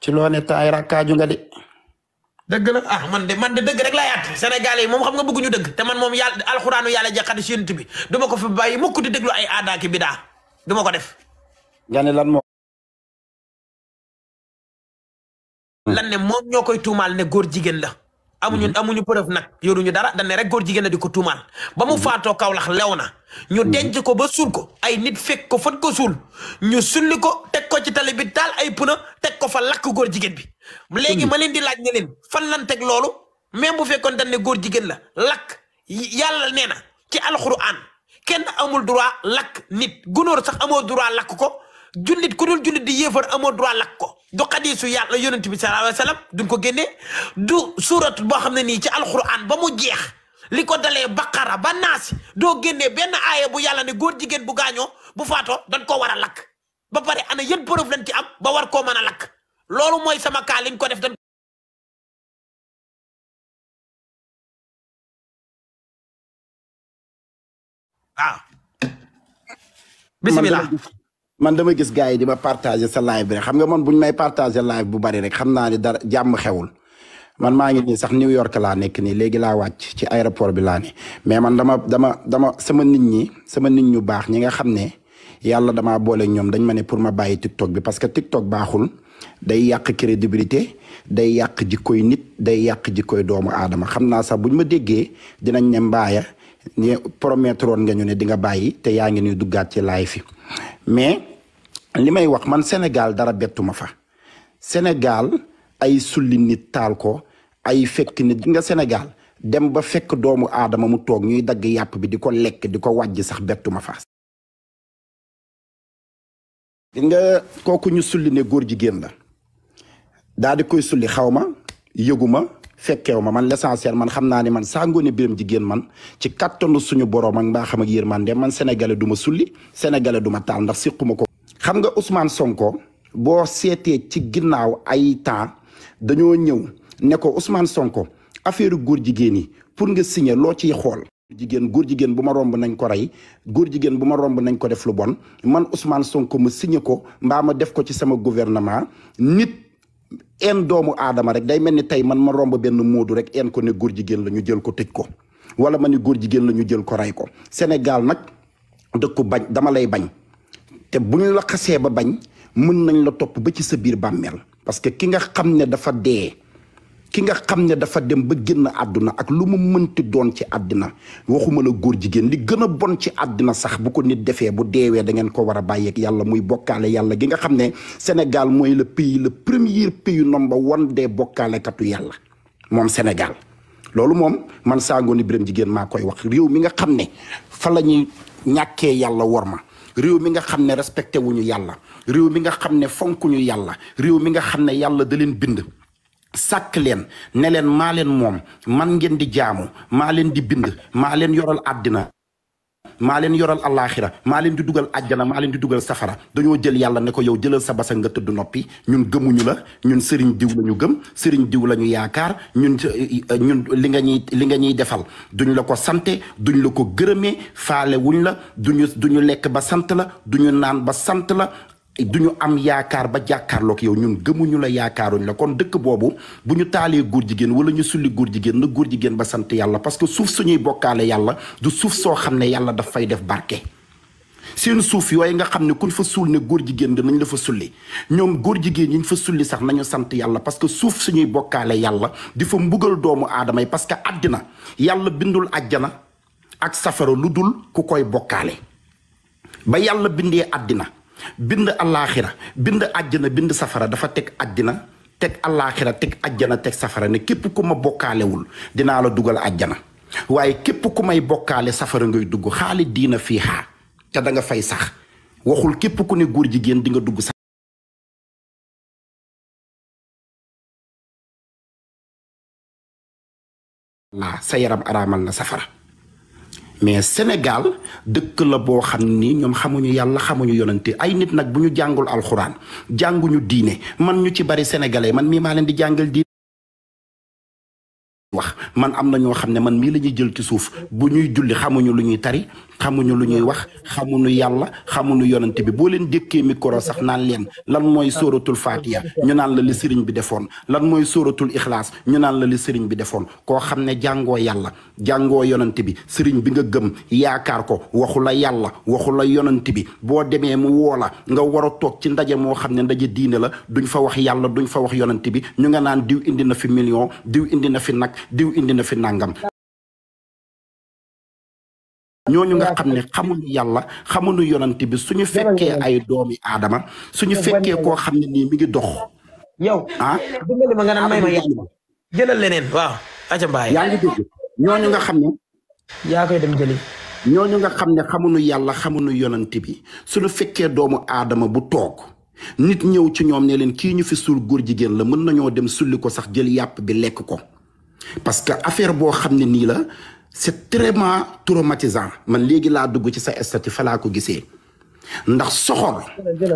ci loo ne taay nga de. dëgg la ah man de man de dëgg rek laay àtt Sénégalais yi moom xam nga bëgguñu dëgg te man moom yàlla alxuraanu yàlla jaxati si yonent bi du ma ko fi bàyyi mukk di déglu ay aada ki bidaa du ma ko def. nga ne lan moo. moom ñoo koy tuumaal ne góor jigéen la. amuñu mhm. amuñu preuve nag yoruñu dara dañ ne rek góor jigéen di ko tuumaal ba mu mhm. faatoo Kaolack lew na ñu mhm. denc ko ba suur ko ay nit fekk ko fan ko suul ñu sunni ko teg ko ci tali bi taal ay pneu teg ko fa lakk góor jigéen bi léegi ma leen di laaj ne leen fan lan teg loolu même bu fekkoon dañ ne góor jigéen la lakk yàlla nee na ci alxuraan kenn amul droit lakk nit gunóor sax amoo droit lakk ko junnit ku dul jullit di yéefar amoo droit lakk ko du xadiisu yàlla yonent bi sallallahu alayhi wa sallam duñ ko génnee suurat boo xam ne nii ci alquran ba mu jeex li ko dalee baqara ba naasi doo génnee benn aaya bu yàlla ne góor jigéen bu gaaño bu faato dañ koo war a lakk ba pare ana yan preuve lañ ci am ba war koo mën a lakk loolu mooy sama kaa liñ ko def dañ man dama gis gars yi di ma partager sa live bi rek xam nga man bu ñu may partager live bu bari rek xam naa ne dara jàmm xewul man maa ngi nii sax New York laa nekk nii léegi laa wàcc ci aéroport bi laa ne mais man dama dama dama sama nit ñi sama nit ñu baax ñi nga xam ne yàlla dama boole ñoom dañ ma ne pour ma bàyyi TikTok bi parce que TikTok baaxul day yàq crédibilité day yàq jikkoy nit day yàq jikkoy doomu aadama xam naa sax buñ ma déggee dinañ ne mbaaya ne promettre woon nga ñu ne di nga bàyyi te yaa ngi nuy duggaat ci live fi mais li may wax man Sénégal dara bettuma fa Sénégal ay sulli nit taal ko ay fekk nit dinga Sénégal dem ba fekk doomu aadama mu toog ñuy dagg yàpp bi di ko lekk di ko wàjj sax bettuma fa di nga kooku ñu sulli ne góor jigéen la daa di koy sulli xaw ma yëgu ma fekkeew ma man l'essentiel man xam naa ne man saa ngoone biram jigéen man ci kattanu suñu borom ak mbaaxam ak yërmande man sénégalais du ma sulli sénégalais du ma taal ndax siquma ko xam nga Ousmane Sonko boo seetee ci ginnaaw ay temps dañoo ñëw ne ko Ousmane Sonko affaire góor jigéen yi pour nga signé loo ci xool jigéen góor jigéen bu ma romb nañ ko rey góor jigéen bu ma romb nañ ko def lu bon man Ousmane Sonko ma signé ko mbaa ma def ko ci sama gouvernement nit en doomu aadama rek day mel ni tey man ma romb benn móodu rek en ko ne góor jigéen la ñu jël ko tëj ko wala ma ne góor jigéen la ñu jël ko rey ko Sénégal nag dëkku bañ dama lay bañ te bu ñu la xasee ba bañ mën nañ la topp ba ci sa biir bàmmeel parce que ki nga xam ne dafa dee ki nga xam ne dafa dem ba génn adduna ak lu mu mënti doon ci àddina waxuma la góor jigéen li gën a bon ci àddina sax bu ko nit defee bu deewee da ngeen ko war a bàyyeeg yàlla muy bokkaale yàlla gi nga xam ne Sénégal mooy le pays le premier pays number one des bokkaalekatu yàlla moom Sénégal. loolu moom man Sango ni Birame Jigéen maa koy wax réew mi nga xam ne fa la ñuy ñàkkee yàlla wor ma réew mi nga xam ne respecté wuñu yàlla réew mi nga xam ne fonkuñu yàlla réew mi nga xam ne yàlla da leen bind. sàkk leen ne leen maa leen moom man ngeen di jaamu maa leen di bind maa leen yoral àddina maa leen yoral alaaxira maa leen di dugal àjjana maa leen di dugal safara dañoo jël yàlla ne ko yow jëlal sa basa nga tëdd noppi ñun gëmuñu la ñun sëriñ diw la ñu gëm sëriñ diw la ñu yaakaar ñun ñun li nga ñuy li nga ñuy defal duñ la ko sante duñ la ko gërëmee faale wuñ la du ñu lekk ba sant la duñu naan ba sant la du ñu am yaakaar ba jàkkaarloog yow ñun gëmuñu la yaakaaruñu la kon dëkk boobu bu ñu taalee góor jigéen wala ñu sulli góor jigéen na góor jigéen ba sant yàlla parce que suuf suñuy bokkaale yàlla du suuf soo xam ne yàlla daf fay def barke seen suuf yooyu nga xam ne kuñ fa suul ne góor jigéen danañ la fa sulli ñoom góor jigéen ñi fa sulli sax nañu sant yàlla parce que suuf suñuy bokkaale yàlla di fa mbugal doomu aadama yi parce que àddina yàlla bindul àjjana ak safara lu dul ku koy bokkaale ba yàlla bindee àddina bind allaaxira bind àjjana bind safara dafa teg àddina teg allaaxira teg àjjana teg safara ne képp ku ma bokkaalewul dinaa la dugal àjjana waaye képp ku may bokkaale safara ngay dugg xaali diina fii xaa te da nga fay sax waxul képp ku ne góor jigéen dinga dugg sax laa ah, sa yaram araamal na safara mais Sénégal dëkk la boo xam ni ñoom xamuñu yàlla xamuñu yonante ay nit nag bu ñu jàngul alxuraan jànguñu diine man ñu ci bari sénégalais man mii maa leen di jàngal diine wax man am na ñoo xam ne man mii lañuy jël ci suuf bu ñuy julli xamuñu lu ñuy tari xamuñu lu ñuy wax xamuñu yàlla xamuñu yonante bi boo leen dékkee micro sax naan leen lan mooy sooratul faatiya ñu naan la li sëriñ bi defoon lan mooy sóoratul ixlaas ñu naan la li sëriñ bi defoon koo xam ne jàngoo yàlla jàngoo yonante bi sëriñ bi nga gëm yaakaar ko waxu la yàlla waxu la yonante bi boo demee mu woo la nga war a toog ci ndaje moo xam ne ndaje diine la duñ fa wax yàlla duñ fa wax yonante bi ñu nga naan diw indi na fi million diw indi na fi nag diw indi na fi nàngam ñooñu nga xam ne xamuñu yàlla xamuñu yonante bi suñu fekkee ay doomi aadama suñu fekkee koo xam ne nii mi ngi dox. yow ah dimbali ma nga naan may ma yàlla nga xam ne. yaa dem jëli. ñooñu nga xam ne xamuñu yàlla xamuñu yonante bi suñu fekkee doomu aadama bu toog. nit ñëw ci ñoom ne leen ki ñu fi suul góor jigéen la mën na ñoo dem sulli ko sax jël yàpp bi lekk ko parce que affaire boo xam ne nii la c'est vraiment traumatisant man léegi laa dugg ci sa statut fa laa ko gisee ndax soxor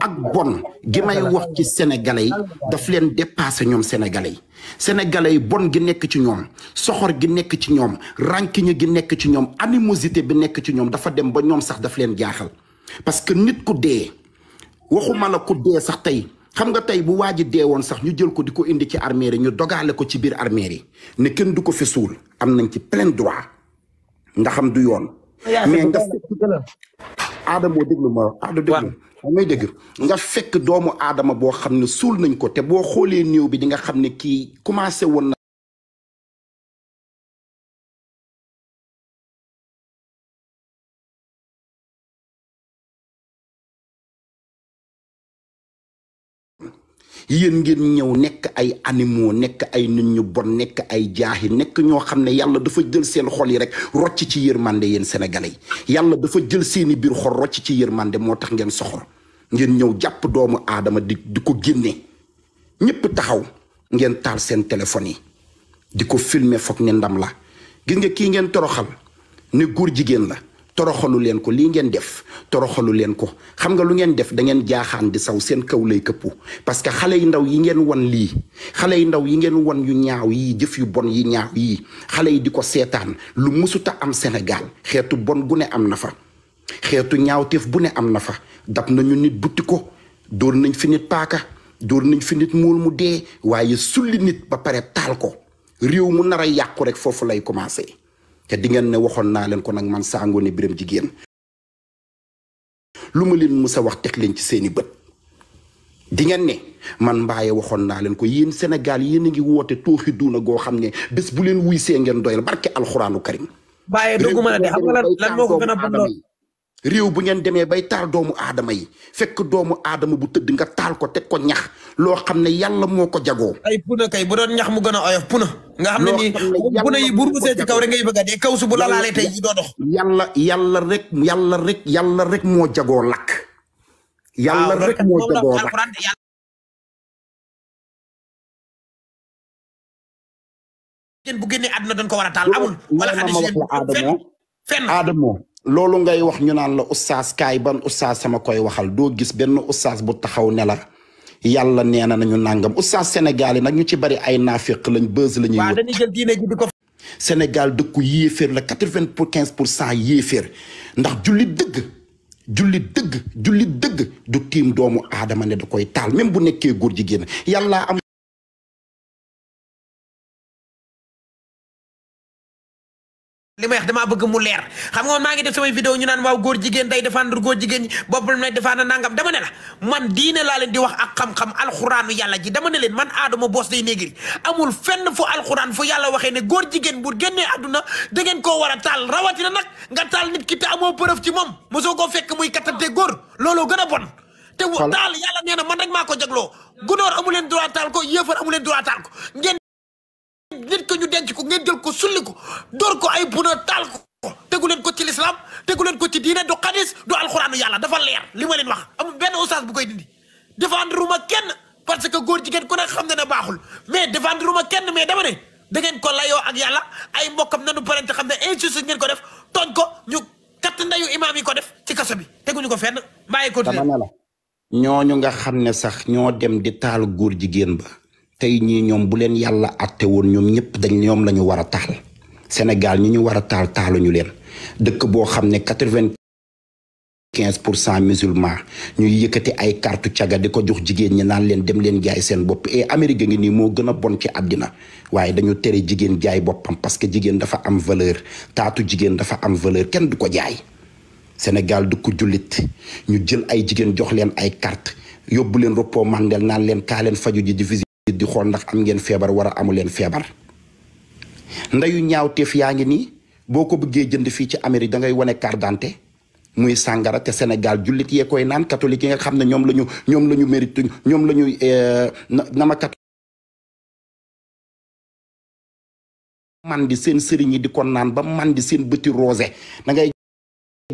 ak bon gi may wax ci sénégalais yi daf leen dépassé ñoom sénégalais yi sénégalais yi bon gi nekk ci ñoom soxor gi nekk ci ñoom rancune gi nekk ci ñoom animosité bi nekk ci ñoom dafa dem ba ñoom sax daf leen jaaxal parce que nit ku dee waxuma la ku dee sax tey xam nga tey bu waa ji dee woon sax ñu jël ko di ko indi ci arméer yi ñu dogaale ko ci biir arméer yi ne kenn du ko fi am nañ ci plein droit ndax am du yoon. mais nga aadamoo déglu ma aada ah, déglu may dégg nga fekk doomu aadama boo xam ne suul nañ ko te boo xoolee néew bi di nga xam ne kii commencé woon na yéen ngeen ñëw nekk ay animaux nekk ay nit ñu bon nekk ay jaaxi nekk ñoo xam ne yàlla dafa jël seen xol yi rek rocc ci yërmande yéen sénégalais yi yàlla dafa jël seeni biir xol rocc ci yërmande moo tax ngeen soxor ngeen ñëw jàpp doomu aadama di di ko génne ñëpp taxaw ngeen taal seen téléphone yi di ko filme foog ne ndam la gis nga kii ngeen toroxal ne góor jigéen la toroxalu leen ko lii ngeen def toroxalu leen ko xam nga lu ngeen def da ngeen jaaxaan di saw seen kaw lay këppu parce que xale yu ndaw yi ngeen wan lii xale yu ndaw yi ngeen wan yu ñaaw yi jëf yu bon yi ñaaw yii xale yi di ko seetaan lu musuta am senegal xeetu bon bu ne am na fa xeetu ñaaw teef bu ne am na fa dab nañu nit butti ko dóor nañ fi nit paaka dóor nañ fi nit muul mu dee waaye sulli nit ba pare taal ko réew mu nar a yàqu rek foofu lay commencé te di ngeen ne waxoon naa leen ko nag man Saa biram Birame lu ma leen musa a wax teg leen ci seeni bët di ngeen ne man mbaaye waxoon naa leen ko yéen senegal yéen a ngi woote tooxi duuna goo xam ne bés bu leen wuy see ngeen doyal barke alxuraanu karim. Baye dugg ma de xam nga lan moo ko gën a réew bu ngeen demee bay taal doomu aadama yi fekk doomu aadama bu tëdd nga taal ko teg ko ñax loo xam ne yàlla moo ko jagoo. ay puna kay bu doon ñax mu gën a oyof puna. nga xam ne nii puna yi bu ruusee ci kaw rek ngay bëgg a dee kaw su bu la laalee tey ji doo dox. yàlla yàlla rek yàlla rek yàlla rek moo jagoo lakk. yàlla rek moo jagoo lakk. bu génnee àdduna dañ ko war a taal amul. wala loolu ngay wax ñu naan la oustaz kaay ban oustaz sama koy waxal doo gis benn oustaz bu taxaw ne la yàlla nee na nañu nàngam oustaz Sénégal yi nag ñu ci bari ay naafiq lañ bës la ñu waaw dañuy jël diine ko Sénégal dëkku yéeféer la quatre-vingt pour quinze pour cent yéeféer ndax julli dëgg julli dëgg julli dëgg du tiim doomu aadama ne da koy taal même bu nekkee góor jigéen yàlla am li may wax damaa bëgg mu leer xam nga maa ngi def samay vidéo ñu naan waaw góor jigéen day défendre góor jigéen ñi boppam dama ne la man diine laa leen di wax ak xam-xam alxuraanu yàlla ji dama ne leen man aadama boos day néegri amul fenn fu alxuraan fu yàlla waxee ne góor jigéen bu génnee àdduna da ngeen koo war a taal rawatina nag nga taal nit ki te amoo preuve ci moom soo koo fekk muy kattante góor looloo gën a bon te taal yàlla nee na man rek maa ko jagloo gunóor amu leen droit taal ko yéefar amu leen droit taal ko ngeen nit ko ñu denc ko ngeen jël ko sulli ko door ko ay buna taal ko tegu leen ko ci lislaam tegu leen ko ci diine du xadis du alxuraanu yàlla dafa leer li ma leen wax amul benn ustaas bu koy dindi défendre ma kenn parce que góor jigéen ku ne xam ne ne baaxul mais défendre ma kenn mais dama ne da ngeen ko layoo ak yàlla ay mbokkam nanu parente xam ne injustice ngeen ko def tooñ ko ñu katt ndayu imaam yi ko def ci kaso bi teguñu ko fenn bàyyi ko dama ne la ñooñu nga xam ne sax ñoo dem di taal góor jigéen ba tey ñii ñoom bu leen yàlla atte woon ñoom ñëpp dañ ñoom la ñu war a taal Sénégal ñu ñu war a taal taaluñu leen dëkk boo xam ne quatre-vingt-quinze pour cent musulman ñuy yëkkati ay kartu caga di ko jox jigéen ñi naan leen dem leen jaay seen bopp et Amérique ngi nii moo gën a bon ci àddina waaye dañu tere jigéen jaay boppam parce que jigéen dafa am valeur taatu jigéen dafa am valeur kenn du ko jaay Sénégal du ko jullit ñu jël ay jigéen jox leen ay carte yóbbu leen repos Mandel nit di xool ndax am ngeen feebar war a amu leen feebar ndeyu ñaawteef yaa ngi nii boo ko bëggee jënd fii ci Amérique da ngay wane carte muy sàngara te Sénégal jullit yee koy naan catholique yi nga xam ne ñoom la ñoom lañu ñu mérite ñoom la ñu eh, di seen sëriñ di ko naan ba man di seen bëti rosé da ngay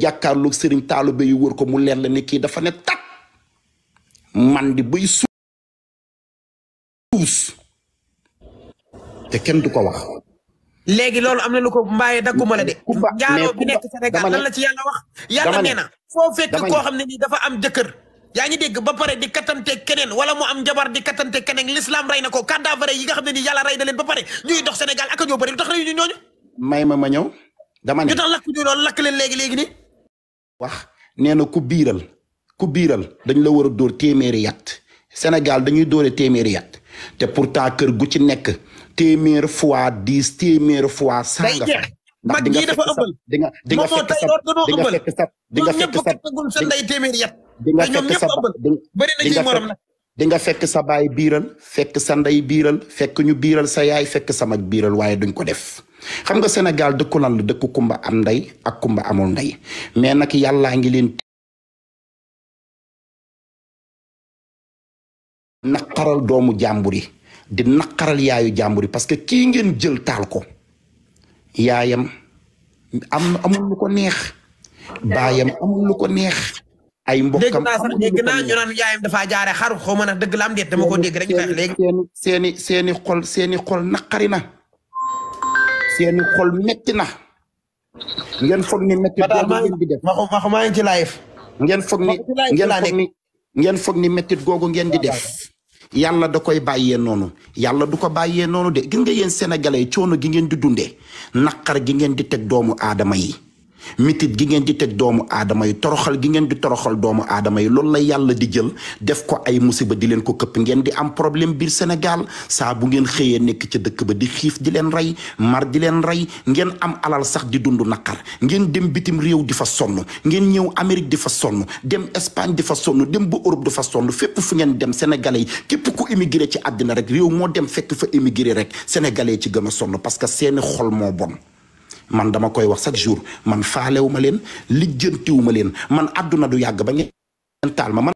jàkkaarloog sëriñ taalibe yu wër ko mu leer la ne kii dafa ne tat man bay su puus te kenn du ko wax. léegi loolu am na lu ko mbaayee dagguma la de. njaaloo bi nekk Sénégal lan la ci yàlla wax. yàlla nee na foo fekk koo xam ne nii dafa am jëkkër. yaa ngi dégg ba pare di kattante keneen wala mu am jabar di kattante keneen l'islam rey na ko cadavre yi nga xam ne nii yàlla rey na ba pare ñuy dox Sénégal ak a ñoo bëri lu tax rey ñu ñooñu. may ma ma ñëw. dama ñu tax lakk ñu loolu lakk leen léegi léegi nii. wax nee na ku biiral ku biiral dañ la war a dóor téeméeri yat Sénégal dañuy dóore téeméeri yat te pourtant kër gu ci nekk téeméer fois dix téeméer fois cent nga fa di nga di nga fekk sa di nga fekk sa di nga fekk sa nga fekk sa bëri na nga fekk sa baay biiral fekk sa ndey biiral fekk ñu biiral sa yaay fekk sa mag biiral waaye duñ ko def xam nga Sénégal dëkku lan la dëkku kumba am ndey ak kumba amul ndey mais nag yàllaa ngi naqaral doomu jàmbur yi di naqaral yaayu jàmbur yi parce que kii ngeen jël taal ko yaayam am amul ko neex baayam amul lu ko neex. ay mbokkam amul lu ko neex dégg naa dafaa jaare xaru xaw ma nag dëgg la am déet dama ko dégg rek. léegi seeni seeni xol seeni xol naqari na seeni xol metti na. ngeen foog ni metti doomu ngeen di def ma ngeen foog ni ngeen foog ni. ngeen foog ni méttit googu ngeen di def yàlla da koy bàyyee noonu yàlla du ko bàyyee noonu de gis nga yéen sénégalais coono gi ngeen di dundee naqar gi ngeen di teg doomu aadama yi mitit gi ngeen di teg doomu aadama yi toroxal gi ngeen di toroxal doomu aadama yi loolu la yàlla di jël def ko ay musiba di leen ko këpp ngeen di am problème biir Sénégal saa bu ngeen xëyee nekk ca dëkk ba di xiif di leen rey mar di leen rey ngeen am alal sax di dund naqar ngeen dem bitim réew di fa sonn ngeen ñëw Amérique di fa sonn dem Espagne di fa sonn dem ba Europe di fa sonn fépp fu ngeen dem Sénégalais yi képp ku immigré ci àddina rek réew moo dem fekk fa immigré rek Sénégalais ci gën a sonn parce que seeni xol moo bon man dama koy wax chaque jour man faalewu ma leen lijjantiwu ma leen man àdduna du yàgg ba ngeen taal ma man